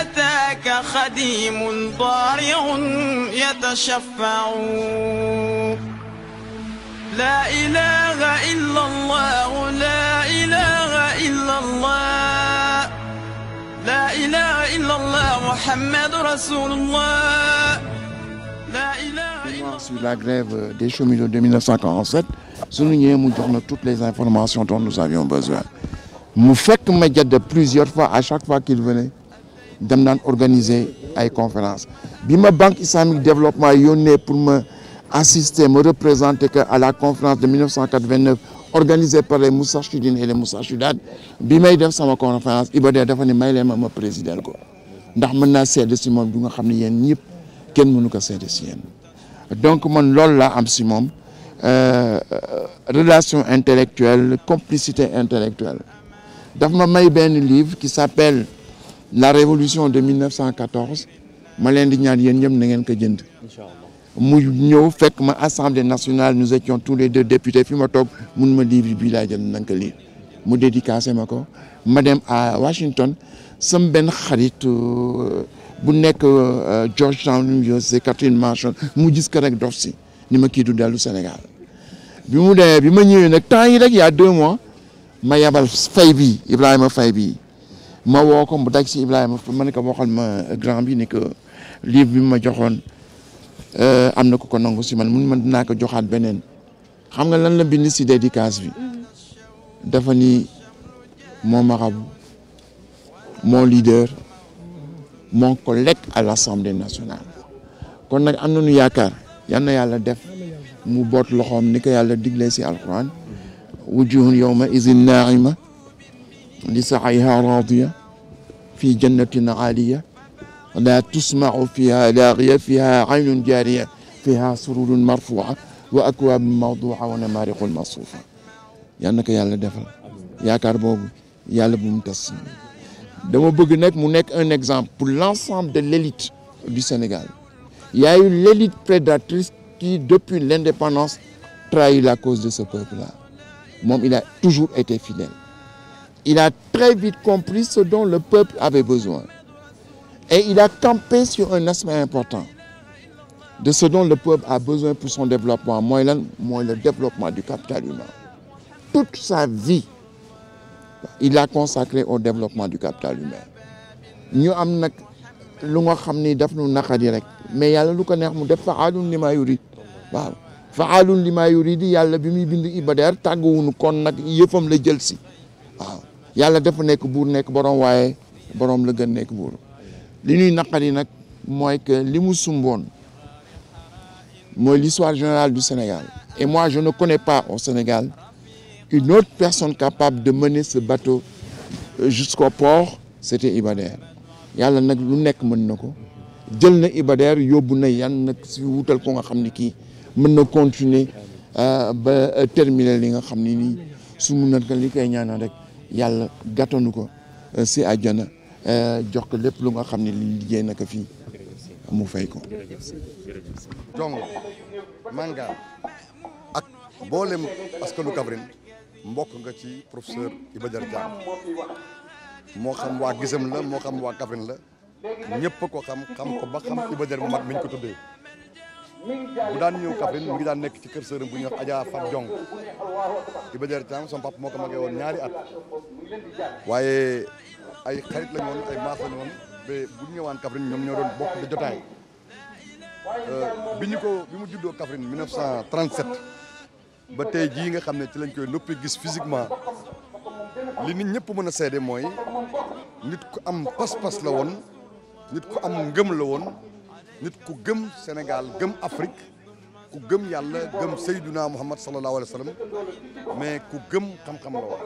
أتاك خديم ضارع يتشفع لا إله إلا الله لا إله إلا الله لا إله إلا الله محمد رسول الله لا إله إلا الله sur la grève des cheminots de 1947 suñu ñëwee mu jox na toutes les informations dont nous avions besoin mu fekk ma jadd plusieurs fois à chaque fois qu'il venait dem naan organiser ay conférence bi ma banque islamique développement yónnee pour ma assister ma représenter que à la conférence de 1989 organisée par les Moustachidines et les Moustachidates bi may def sama conférence Ibadan dafa ne may leen ma ma président ko ndax mën naa seede si moom du nga xam ne yéen ñëpp kenn mënu ko seede si donc man loolu laa am si moom euh, relation intellectuelle complicité intellectuelle daf ma may benn livre qui s'appelle la révolution de 1914 ma leen di ñaan yéen ñëpp na ngeen ko jënd. mu ñëw fekk ma assemblée nationale nous étions tous les deux députés fi ma toog mun ma livre bii laa jël na nga ko lire mu dédicacé ma ko ma dem à Washington sam benn xarit euh, bu nekk euh, Georgetown University Catherine Marshall mu gis ko rek dof si ni ma kii du dellu Sénégal bi mu dee bi ma ñëwee nag temps yi rek y a mois ma yabal fay bi Ibrahima fay bi ma woo ko mu daj si Ibrahima ma ne ko waxal ma grand bi ne que livre bi ma joxoon euh, am na ko ko nangu si man mun man dinaa ko joxaat beneen xam nga lan la bind si dédicace bi dafa ni mon marabout mon leader mon collègue à l'Assemblée nationale kon nag am na nañu yaakaar yal na yàlla def mu boot loxoom ni ko yàlla digle si alquran wujuhun yawma izin naa'ima li saayha raadiya fi jannatin aaliya laa tusmau fiha laagiya fiha aynun jaariya fiha sururun marfuuca wa akwaabun mawduuca wa namaariqu masuufa yal na ko yàlla defal yaakaar boobu yàlla bu mu tas bëgg nag mu nekk un exemple pour l'ensemble de l'élite du Sénégal il y a l'élite prédatrice qui depuis l'indépendance trahit la cause de ce peuple là il a toujours été fidèle Il a très vite compris ce dont le peuple avait besoin. Et il a campé sur un aspect important de ce dont le peuple a besoin pour son développement, mooy lan mooy le développement du capital humain. Toute sa vie, il l'a consacré au développement du capital humain. ñu am nag lu nga xam ni daf nu naqari rek mais yàlla lu ko neex mu def fa'aalun limaa yurid waaw fa'aalun limaa yurid yàlla bi muy bind Iba Der tàgguwunu kon nag yëfam la jël si. yàlla dafa nekk buur nekk borom waaye borom la gën nekk buur li ñuy naqari nag mooy que li mu sumboon mooy l'histoire générale du Sénégal et moi je ne connais pas au Sénégal une autre personne capable de mener ce bateau euh, jusqu'au port c'était Iba yàlla nag lu nekk mën na ko jël na Iba Der yóbbu na yan nag si wutal ko nga xam ni kii mën na continuer euh, ba euh, terminer li nga xam ni nii su mun na li koy ñaanal rek yàlla gàttanu ko euh, si àjjana euh, jox ko lépp lu nga xam ne liggéey na ko fii mu fay ko jongo manga ak mboolem lu Kaffrine mbokk nga ci professeur Iba Der Thiam moo xam waa gisam la moo xam waa Kaffrine la ñëpp ko xam xam ko ba xam Iba Der bu mag mi ko tuddee bu daan ñëw Kaffrine mu ngi daan nekk ci kër sërëm bu ñuy ajaa Adja Fat Jong Iba Der Thiam sama moo ko magee woon ñaari at waaye ay xarit lañ woon ay maas lañ woon ba bu ñu ñëwaan Kaffrine ñoom ñoo doon bokk di jotaay euh, bi ñu ko bi mu juddoo Kaffrine 1937 ba tey jii nga xam ne ci lañ koy noppi gis physiquement li nit ñëpp mën a seede mooy nit ku am pas-pas la woon nit ku am ngëm la woon nit ku gëm Sénégal gëm Afrique ku gëm yàlla gëm Seyduna Muhammad sallallahu alayhi wa sallam mais ku gëm xam-xam la woon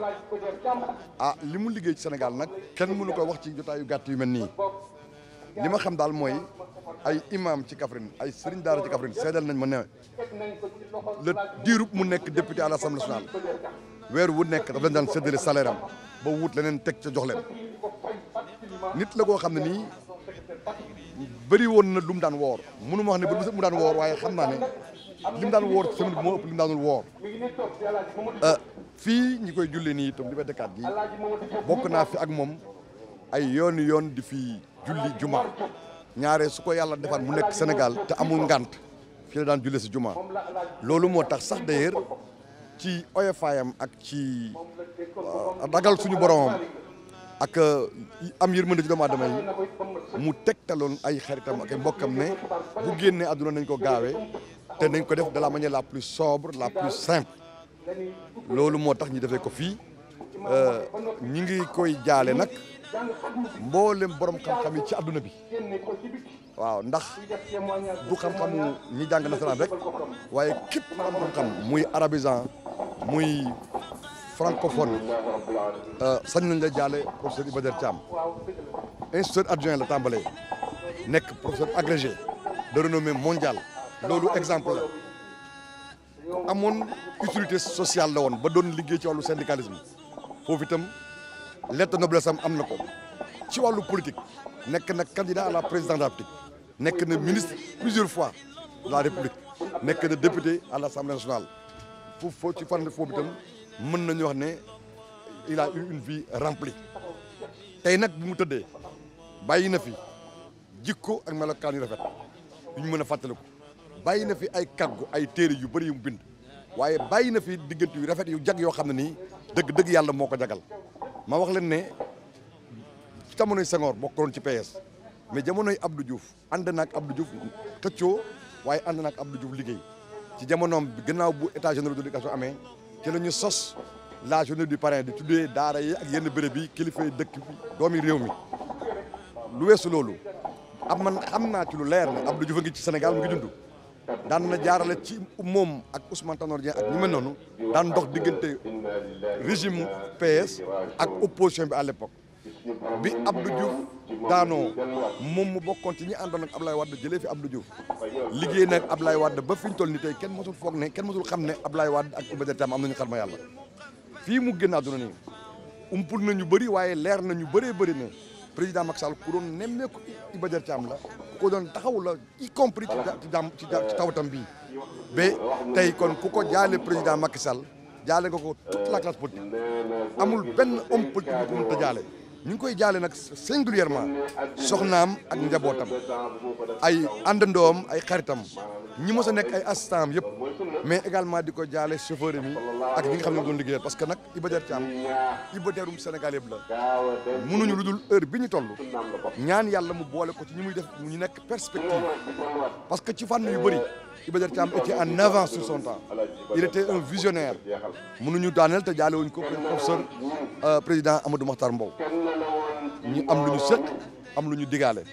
ah li mu liggéey ci Sénégal nag kenn mënu ko wax ci jotaayu gàtt yu mel nii li ma xam daal mooy ay imam ci Kaffrine ay sëriñ daara ci Kaffrine seedal nañ ma ne le diirub mu nekk député à l'Assemblée nationale weer wu nekk daf leen daan séddale salaire ba wut leneen teg ca jox leen nit la koo xam ne nii bëri woon na lu mu daan woor mënu ma wax ne bëri mu daan woor waaye xam naa ne li daan woor ci semaine bi moo daanul woor euh, fii ñi koy julli nii itam Liberté 4 gi bokk naa fi ak moom ay yoon yoon di fi julli juma ñaare suko ko yàlla defaat mu nekk Sénégal te amul ngant fii la daan julli si jumaa loolu moo tax sax d'ailleurs ci oyofaayam ak ci euh, ragal suñu boromam ak euh, am yërmande ci doomu aadama yi mu tegtaloon ay xaritam ak ay mbokkam ne bu génnee àdduna nañ ko gaawee te nañ ko def de la manière la plus sobre la plus simple loolu moo tax ñu defee ko fii euh, ñi ngi koy jaale nag mboolem borom xam-xam yi ci àdduna bi waaw ndax du xam-xamu ñi jàng nasaraan rek waaye képp am xam-xam muy arabisant muy francophone euh, sañ nañ la jaale professeur Iba Der Thiam instituteur adjoint la tàmbalee nekk professeur agrégé de renommée mondiale loolu exemple la amoon utilité sociale la woon ba doon liggéey ci wàllu syndicalisme foofu itam lettre noblesse sam am na ko ci wàllu politique nekk na candidat à la président de nekk na ministre plusieurs fois de la République nekk na député à l'Assemblée nationale foofu foo ci fànn foofu tam mën nañu wax ne il a eu une vie remplie tey nag bu mu tëddee bàyyi na fi jikko ak melokaan yu rafet yu ñu mën a fàttaliku bàyyi na fi ay kàggu ay téere yu bari yu mu bind waaye bàyyi na fi diggante yu rafet yu jag yoo xam ne nii dëgg-dëgg yàlla moo ko jagal ma wax leen ne jamonoy Senghor bokkoon ci PS mais jamonoy Abdou juuf ànd naag Abdou Diouf xëccoo waaye ànd naag Abdou Diouf liggéey ci jamonoom gannaaw bu état général de l'éducation amee ci la ñu sos la journée du parrain di tuddee daara ak yenn béréb yi kilifa yi dëkk bi doomi réew mi lu weesu loolu am man xam naa ci lu leer na Abdou Diouf a ngi ci Sénégal mu ngi dund daan na jaarale ci moom ak Ousmane Tanor ak ñu mel noonu daan dox diggante régime PS ak opposition bi à l'époque bi Abdou daanoo moom mu bokk bokkoon ci ñi àndoon ak Ablaye Wade jëlee fi Abdou Diouf liggéey nag Ablaye Wade ba fi ñu toll ni tey kenn mosul foog ne kenn mosul xam ne ab Ablaye Wade ak Iba Der am am nañu xarma yàlla fii mu génn àdduna nii umpul nañu bëri waaye leer nañu bëree bëri ne président Macky Sall ku doon nemmeeku Iba Der Thiam la ku doon taxaw la y compris ci jàmm ci tawatam bii ba tey kon ku ko jaale président Macky Sall jaale nga ko toute la classe politique amul benn u politique ñu ngi koy jaale nag singulièrement soxnaam ak njabootam ay àndandoom ay xaritam ñi mos a nekk ay assistant am yëpp mais également di ko jaale chauffeur mi ak ñi nga xam ne doon liggéeyal parce que nag Iba Der Thiam Iba Derum Sénégal yëpp la mënuñu lu dul heure bi ñu toll ñaan yàlla mu boole ko ci ñi muy def mu ñu nekk perspective parce que ci fànn yu bëri Iba Der Thiam était en avance sur son temps il était un visionnaire mënuñu daaneel te jaale wuñ ko professeur euh, président Amadou Mahtar Mbow ñu am lu ñu sëq am lu ñu digaale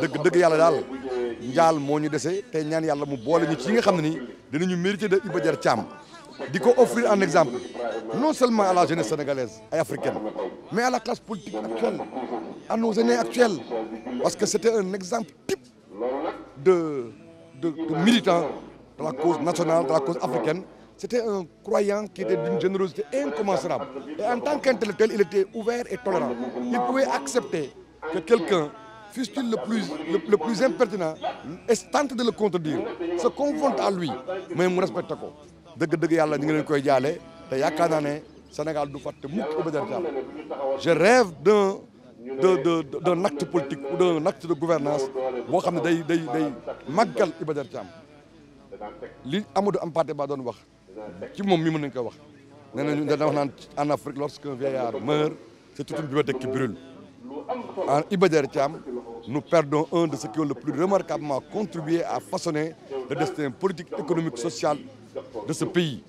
dëgg dëgg yàlla daal njaal moo ñu dese te ñaan yàlla mu boole ñu ci yi nga xam ne ni dinañu mérité de Iba Der Thiam di ko offrir en exemple non seulement à la jeunesse sénégalaise ay africaine mais à la classe politique actuelle à nos aînés actuels parce que c'était un exemple type de, de militants de la cause nationale, de la cause africaine. C'était un croyant qui était d'une générosité incommensurable. Et en tant qu'intellectuel, il était ouvert et tolérant. Il pouvait accepter que quelqu'un, fût-il le plus, le, le, plus impertinent, tente de le contredire, se confronte à lui, mais il respecte quoi. Je rêve d'un de de d'un acte politique ou d'un acte de gouvernance boo xam ne day day day màggal Iba Der Thiam li Amadou Hampâté Bâ doon wax ci moom mi mën nañu ko wax nee nañu dana wax naan en Afrique lorsqu'un vieillard meurt c'est toute une bibliothèque qui brûle en Iba Der Thiam nous un de ceux qui ont le plus remarquablement contribué à façonner le destin politique économique social de ce pays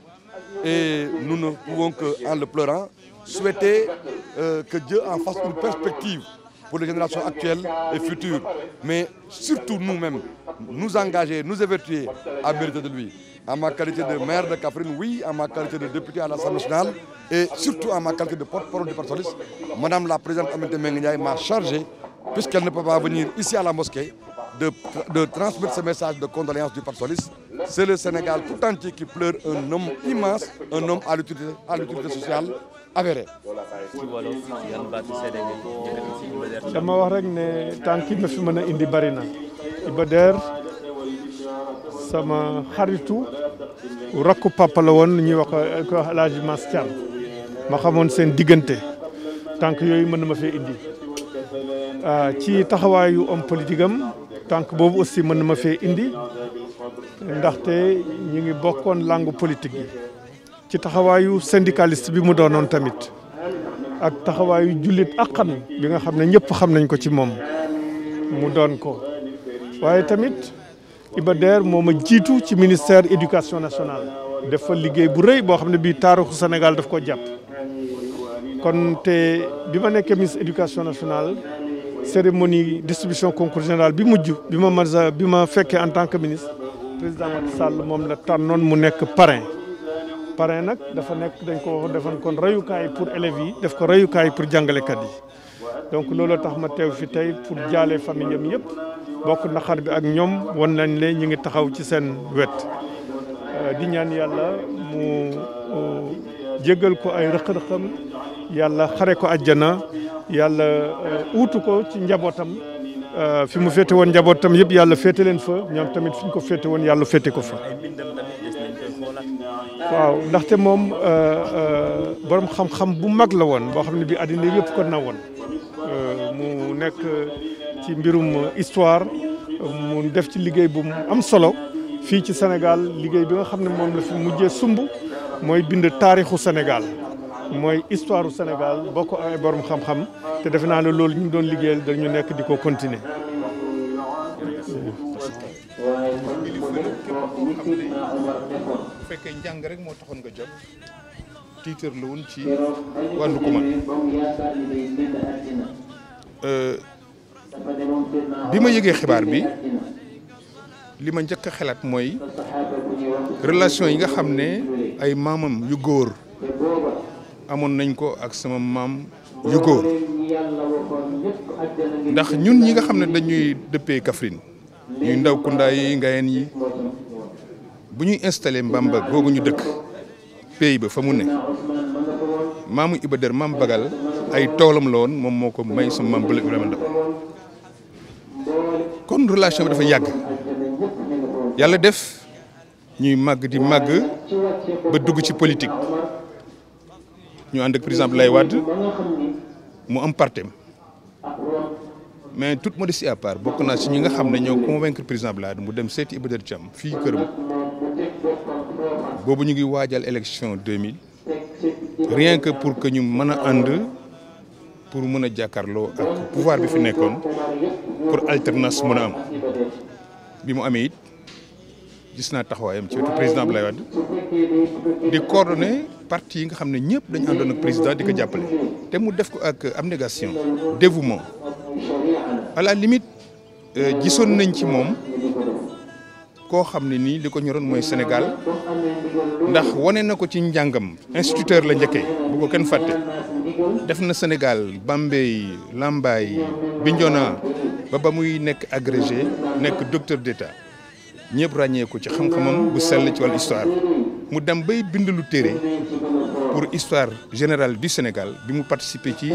et nous ne pouvons que en le pleurant souhaiter euh, que Dieu en fasse une perspective pour les générations actuelles et futures, mais surtout nous-mêmes, nous engager, nous évertuer à mériter de lui. En ma qualité de maire de Caprine, oui, en ma qualité de député à l'Assemblée nationale, et surtout en ma qualité de porte-parole du Parti socialiste, Madame la Présidente Aminata Mbengue m'a chargé, puisqu'elle ne peut pas venir ici à la mosquée, de, de transmettre ce message de condoléances du Parti socialiste. C'est le Sénégal avéré. dama wax rek ne tànk yi ma fi mën a indi bari na Iba Der sama xaritu rakku papa la woon ñuy wax ko El Mas Thiam ma xamoon seen diggante tànk yooyu mën na ma fee indi ah, ci taxawaayu homme politique am tànk boobu aussi mën na ma fee indi ndaxte ñu ngi bokkoon langue politique yi ci taxawaayu syndicaliste bi mu doonoon tamit ak taxawaayu jullit àqam bi nga xam ne ñëpp xam nañ ko ci moom mu doon ko waaye tamit Iba Der moo ma jiitu ci ministère éducation nationale def fa liggéey bu rëy boo xam ne bii taarixu Sénégal def ko jàpp kon te bi ma nekkee ministre éducation nationale cérémonie distribution concours général bi mujj bi ma ma bi ma fekkee en tant que ministre président Macky Sall moom la tànnoon mu nekk parrain parrain nag dafa nekk dañ ko defoon kon rayukaay pour élèves yi def ko rayukaay pour jàngalekat yi donc looloo tax ma teew fi tey pour jaale famille am yëpp bokk naxar bi ak ñoom wan nañ leen ñu ngi taxaw ci seen wet euh, di ñaan yàlla mu jéggal ko ay rëq-rëqam yàlla xare ko àjjana yàlla euh, uutu ko ci njabootam euh, fi mu féete woon njabootam yëpp yàlla féete leen fa ñoom tamit fi ñu ko féete woon yàlla féete ko fa waaw ndaxte moom euh, euh, borom xam-xam bu mag la woon boo xam ne bi àddina yëpp ko na woon euh, mu nekk ci mbirum histoire mu def ci liggéey bu am solo fii ci Sénégal liggéey bi nga xam ne moom la fi mujjee sumb mooy bind taarixu Sénégal mooy histoire Sénégal boo ko amee borom xam-xam te defe naa ne loolu ñu doon liggéeyal dañu nekk di ko continuer tuuti bu fekkee njàng rek moo taxoon nga jóg tiitar la woon ci wàllu kuma euh, bi ma yëgee xibaar bi li ma njëkk a xalaat mooy relation yi nga xam ne ay maamam yu góor amoon nañ ko ak sama maam yu góor ndax ñun ñi nga xam ne dañuy dëppee Kaffrine ñuy ndaw kundaay yi ngayeen yi bu ñuy installé ba googu ñu dëkk pays ba fa mu ne maamu Iba Der maam Bagal ay toolam la moom moo ko may sa maam Bala Ibrahima Ndaw kon relation dafa yàgg yàlla def ñuy màgg di màgg ba dugg ci politique ñu ànd ak lay Wade mu am partem mais toute modestie à part bokk naa si ñi nga xam ne ñoo convaincre président Blade mu dem seeti Iba Der Thiam fii këram boobu ñu ngi waajal élection 2000 rien que pour que ñu mën a ànd pour mën a jàkkaarloo ak pouvoir bi fi nekkoon pour alternance mën a am bi mu amee it gis naa taxawaayam ci wetu président Abdoulaye Wade di coordonné parti yi nga xam ne ñëpp dañu àndoon ak président di ko jàppale te mu def ko ak abnégation dévouement à la euh, gisoon nañ ci moom koo xam ne nii li ko ñoroon mooy Sénégal ndax wane na ko ci njàngam instituteur la njëkkee bu ko kenn fàtte def na Sénégal Bambey Lambaye Bignona ba ba muy nekk agrégé nekk docteur d'état ñëpp ràññeeku ci xam-xamam bu sell ci wàllu histoire mu dem bay bind lu téere pour histoire générale du Sénégal bi mu participer ci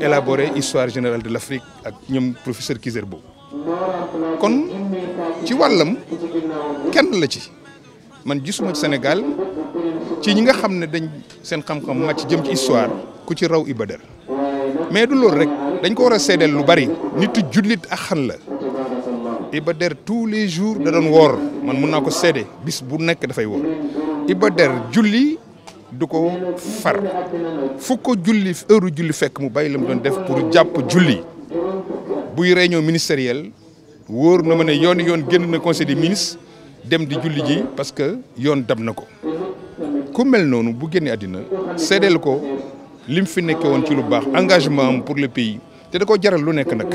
élaborer histoire général de l'Afrique ak ñoom professeur Kizerbo kon ci wàllam kenn la ci man gisuma Sénégal ci ñi nga xam ne dañ seen xam-xam màcc jëm ci histoire ku ci raw Iba Der mais du loolu rek dañ ko war a seedeel lu bari nitu jullit axan la Iba Der tous les jours da doon woor man mun naa ko seede bis bu nekk dafay woor Iba julli du ko far fu ko julli heure julli fekk mu bàyyi la mu doon def pour jàpp julli buy réunion ministérielle wóor na ma ne yoon yoon génn na conseil de ministres dem di julli ji parce que yoon dab na ko ku mel noonu bu génnee àddina seedeel ko lim fi nekke woon ci lu baax engagement am pour le pays te da ko jaral lu nekk nag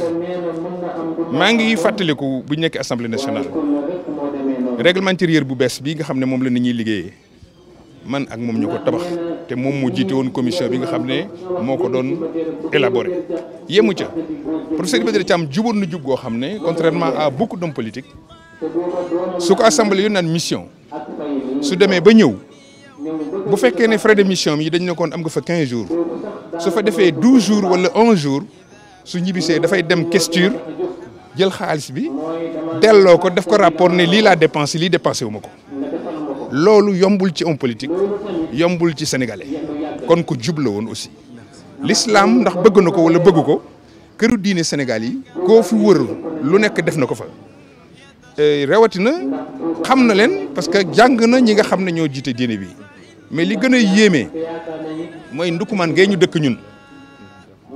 maa ngi fàttaliku bu nekk assemblée nationale règlement bu bees bii nga xam ne moom la nit ñuy liggéeyee man ak moom ñu ko tabax te moom mu jiite woon commission bi nga xam ne moo ko doon élaboré yemu ca professeur Iba Der Thiam juboon na jub goo xam ne contrairement à beaucoup doom politiques su ko assemblée yoon naan mission su demee ba ñëw bu fekkee ne frais de mission yi dañ ne koon am nga fa quinze jours su fa defee 12 jours walla 11 jours su ñibbisee dafay dem questure jël xaalis bi delloo ko def ko rapport ne lii laa dépensé lii dépensé wu ma ko. loolu yombul ci homme politique yombul ci sénégalais kon ku jub woon aussi lislaam ndax bëgg na ko wala bëgg ko këru diine Sénégal yi koo fi wër lu nekk def na ko fa rawatina xam na leen parce que jàng na ñi nga xam ne ñoo jiite diine bi mais li gën a yéeme mooy ndukumaan ngay ñu dëkk ñun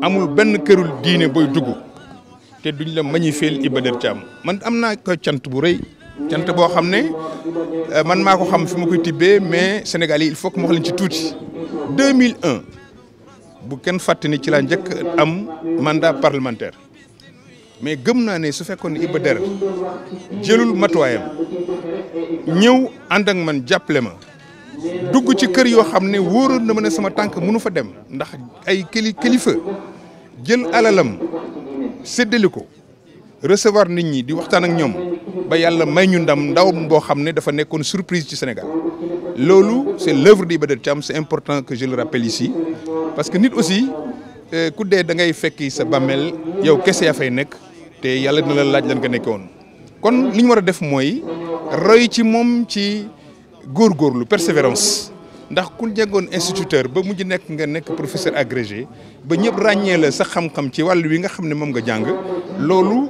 amul benn kërul diine booy dugg te duñ la magnifier Iba Der Thiam man am naa ko cant bu rëy jant boo xam ne euh, man maa ko xam fi ma koy tibbee mais Sénégal il faut que ma wax leen ci tuuti 2001 bu kenn fàtte ni ci laa njëkk am mandat parlementaire mais gëm naa ne su fekkoon ne Iba Der jëlul matuwaayam ñëw ànd ak man jàppale ma dugg ci kër yoo xam ne wóoroon na ma ne sama tànk mënu fa dem ndax ay kili kilifa jël alalam séddale ko recevoir nit ñi di waxtaan ak ñoom. ba yàlla may ñu ndam ndaw boo xam ne dafa nekkoon surprise ci Sénégal loolu c'est l'œuvre d'Iba Der Thiam c'est important que je le rappelle ici parce que nit aussi euh, ku dee da ngay fekki sa bàmmeel yow kese yaa fay nekk te yàlla dina la laaj lan nga nekke woon kon li ñu war a def mooy roy ci moom ci góor góorgóorlu persévérance ndax ku jàngoon instituteur ba mujj nekk nga nekk professeur agrégé ba ñëpp ràññee la sa xam-xam ci wàll wi nga xam ne moom nga jàng loolu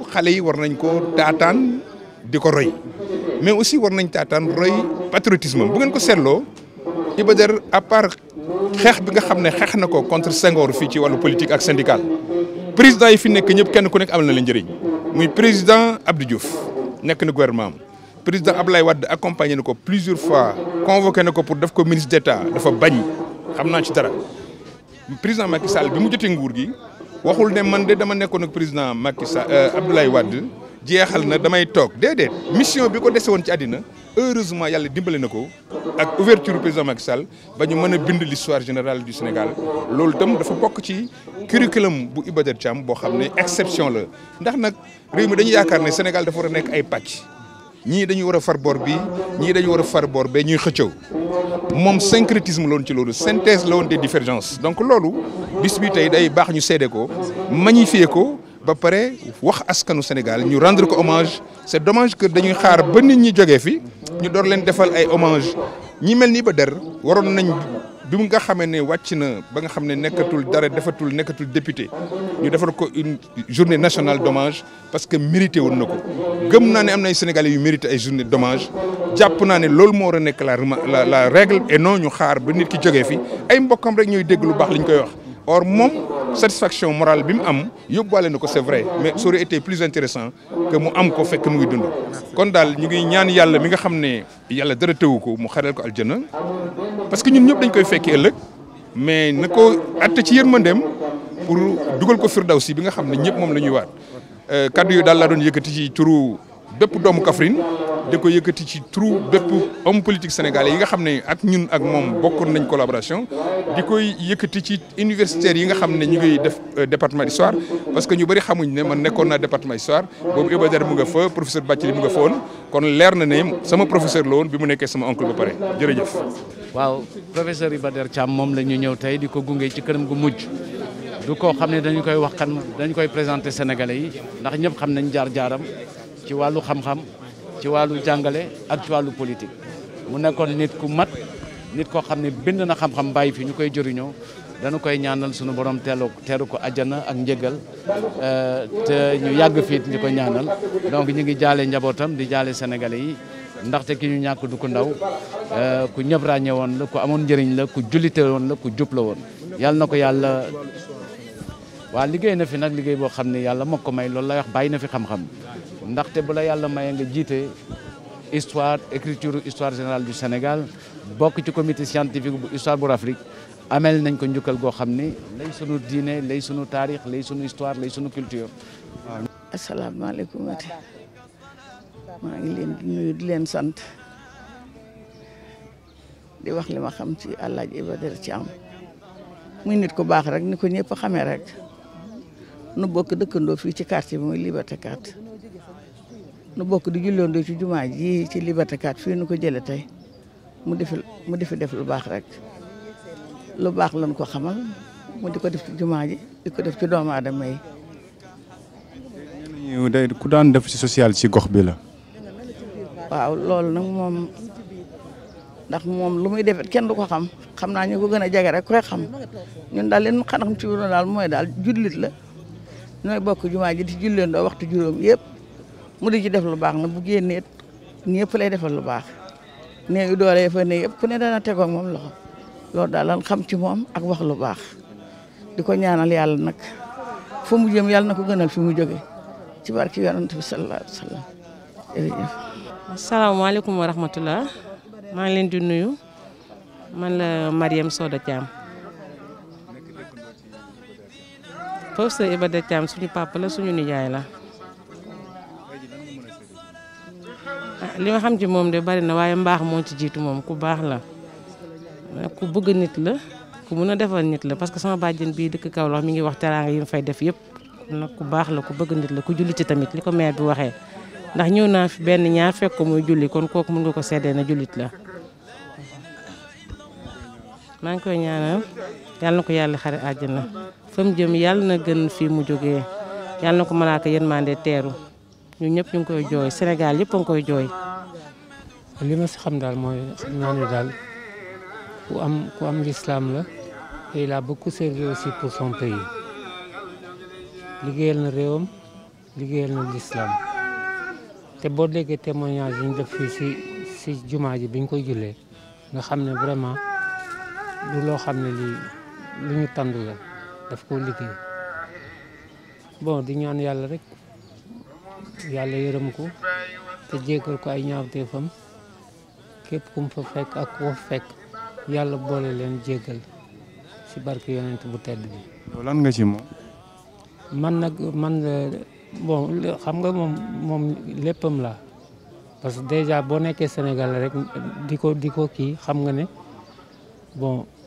di ko roy mais aussi war nañ taataan roy patriotisme bu ngeen ko seetloo Iba Der à part xeex bi nga xam ne xeex na ko contre Senghor fii ci wàllu politique ak syndical président i fi nekk ñëpp kenn ku nekk am na la njëriñ muy président Abdou Diouf nekk na gouvernement am président Ablaye Wade accompagné na ko plusieurs fois convoqué na ko pour def ko ministre d'État dafa bañ xam naa ci dara président Macky Sall bi mu jotee nguur gi waxul ne man de dama nekkoon ak président Macky Sall euh, Abdoulaye Wade jeexal na damay toog déedéet mission bi ko dese woon ci àddina heureusement yàlla dimbali na ko ak ouverture président Macky Sall ba ñu mën a bind l'histoire générale du Sénégal loolu itam dafa bokk ci curriculum bu Iba Der Thiam boo xam ne exception la ndax nag réew mi dañu yaakaar ne Sénégal dafa war a nekk ay pàcc ñii dañu war a far boor bi ñii dañu war a far boor bee ñuy xëccëw moom syncrétisme loon ci loolu synthèse la woon des divergences donc loolu bis tey day baax ñu seede ko magnifier ko ba pare wax askanu Sénégal ñu rendre ko hommage c'est dommage que dañuy xaar ba nit ñi jógee fi ñu door leen defal ay hommage ñi mel nii ba der waroon nañ bi mu nga xamee ne wàcc na ba nga xam ne nekkatul dara defatul nekkatul député ñu defal ko une journée nationale d'hommage parce que mérité woon na ko gëm naa ne am na ay yu mérité ay journée domage jàpp naa ne loolu moo war a nekk la la règle et non ñu xaar ba nit ki jógee fi ay mbokkam rek ñooy dégg lu baax li ñu koy wax or moom satisfaction morale bi mu am yóbbuwaale na ko c'est vrai mais ça aurait été plus intéressant que mu am ko fekk mu ngi dund kon daal ñu ngi ñaan yàlla mi nga xam ne yàlla dara tëwu ko mu xareel ko aljana parce que ñun ñëpp dañ koy fekki ëllëg mais na ko atte ci yërmandeem pour dugal ko firdawsi bi nga xam ne ñëpp moom la ñuy waat euh, kaddu yu daal laa doon yëkkati ci turu bépp doomu kafrin di ko yëkkati ci trou bépp homme politique sénégalais yi nga xam ne ak ñun ak moom bokkoon nañ collaboration di koy yëkkati ci universitaires yi nga xam ne ñu ngi def euh, département d'histoire parce que ñu bëri xamuñ ne ma nekkoon naa département d'histoire boobu Iba Der mu nga fa professeur Bathily mu nga fa woon kon leer na ne sama professeur la woon bi mu nekkee sama oncle ba pare jëf waaw professeur Iba Der Thiam moom la ñu ñëw tey di ko gungee ci këram gu mujj. du koo xam ne dañu koy wax kan dañu koy présenté Sénégalais yi ndax ñëpp xam nañ jaar jaaram ci wàllu xam ci wàllu jàngale ak ci wàllu politique mu nekkoon nit ku mat nit koo xam ne bind na xam-xam bàyyi fi ñu koy jëriñoo dana koy ñaanal sunu borom teelu teeru ko àjjana ak njëgal euh, te ñu yàgg fiit ñu ko ñaanal donc ñu ngi jaale njabootam di jaale sénégalais yi ndaxte ki ñu ñàkk du ko ndaw euh, ku ñëpp ràññee woon la ku amoon njëriñ la ku jullite woon la ku jub la woon yàlla na ko yàlla waa liggéey na fi nag liggéey boo xam ne yàlla moo ko may loolu lay wax bàyyi na fi xam-xam ndaxte bu yàlla maye nga jiite histoire écriture histoire générale du Sénégal bokk ci comité scientifique bu histoire bu Afrique amel nañ ko njukkal goo xam ni lay sunu diine lay sunu taarix lay sunu histoire lay sunu culture. waaw. asalaamaaleykum ati maa ngi leen di nuyu di leen sant di wax li ma xam ci El Hadj Iba Der Thiam muy nit ku baax rek ni ko ñëpp xamee rek nu bokk dëkkandoo fii ci quartier bi muy Liberté 4. nu bokk di julloondoo ci jumaa ji ci Liberté 4 fii nu ko jële tey mu defi mu defi def lu baax rek lu baax lañ ko xamal mu di ko def ci jumaa ji di ko def ci doomaada may yi ku daan def ci social ci gox bi la waaw loolu nag moom ndax moom lu muy defet kenn du ko xam xam naa ñu ko gën a jege rek koy xam ñun daal leen xanaa xam ci wuro daal mooy daal jullit la ñooy bokk jumaa ji di julleen doo waxtu juróom yëpp mu di ci def lu baax na bu génnee ñëpp lay defal lu baax néew yu doole fa ne yëpp ku ne dana tegoo moom loxo loolu daal lan xam ci moom ak wax lu baax di ko ñaanal yàlla nag fu mu jëm yàlla na ko gënal fi mu jóge ci barki yonent bi sallallahu alayhi wa sallam maa ngi leen di nuyu man la Mariam Soda Thiam. professeur Ibada Thiam suñu papa la suñu nijaay la. li ma xam ci moom de bari na waaye mbaax moo ci jiitu moom ku baax la ku bëgg nit la ku mun a defal nit la parce que sama bàjjen bii dëkk Kaolack mi ngi wax teraanga yi mu fay def yëpp nag ku baax la ku bëgg nit la ku julli ci tamit li ko maire bi waxee ndax ñëw naa fi benn ñaar fekk ko muy julli kon kooku mun nga ko seddee na jullit la maa ngi koy ñaanal yal na ko yàlla xare àjjana fa mu jëm yàlla na gën fii mu jógee yàlla na ko malaaka yéen maa ndee teeru ñun ñëpp ñu koy jooy senegaal yëpp a koy jooy. li ma si xam daal mooy xam ne daal ku am ku am la et laa a beaucoup servi aussi pour son pays liggéeyal na réewam liggéeyal na l'islam te boo déggee témoignage yi ñu def fii si si jumaa ji bi ñu koy jullee nga xam ne vraiment du loo xam ne lii lu ñu tànd la daf ko liggéey bon di ñaan yàlla rek. yàlla yërëm ko te jéggal ko ay ñaawteefam képp kum fa fekk ak fa fekk yàlla boole leen jéggal ci barke yonent bu tedd bi. lan nga ci moom. man nag man bon xam nga moom moom léppam la parce que déjà boo nekkee Sénégal rek di ko di kii xam nga ne bon.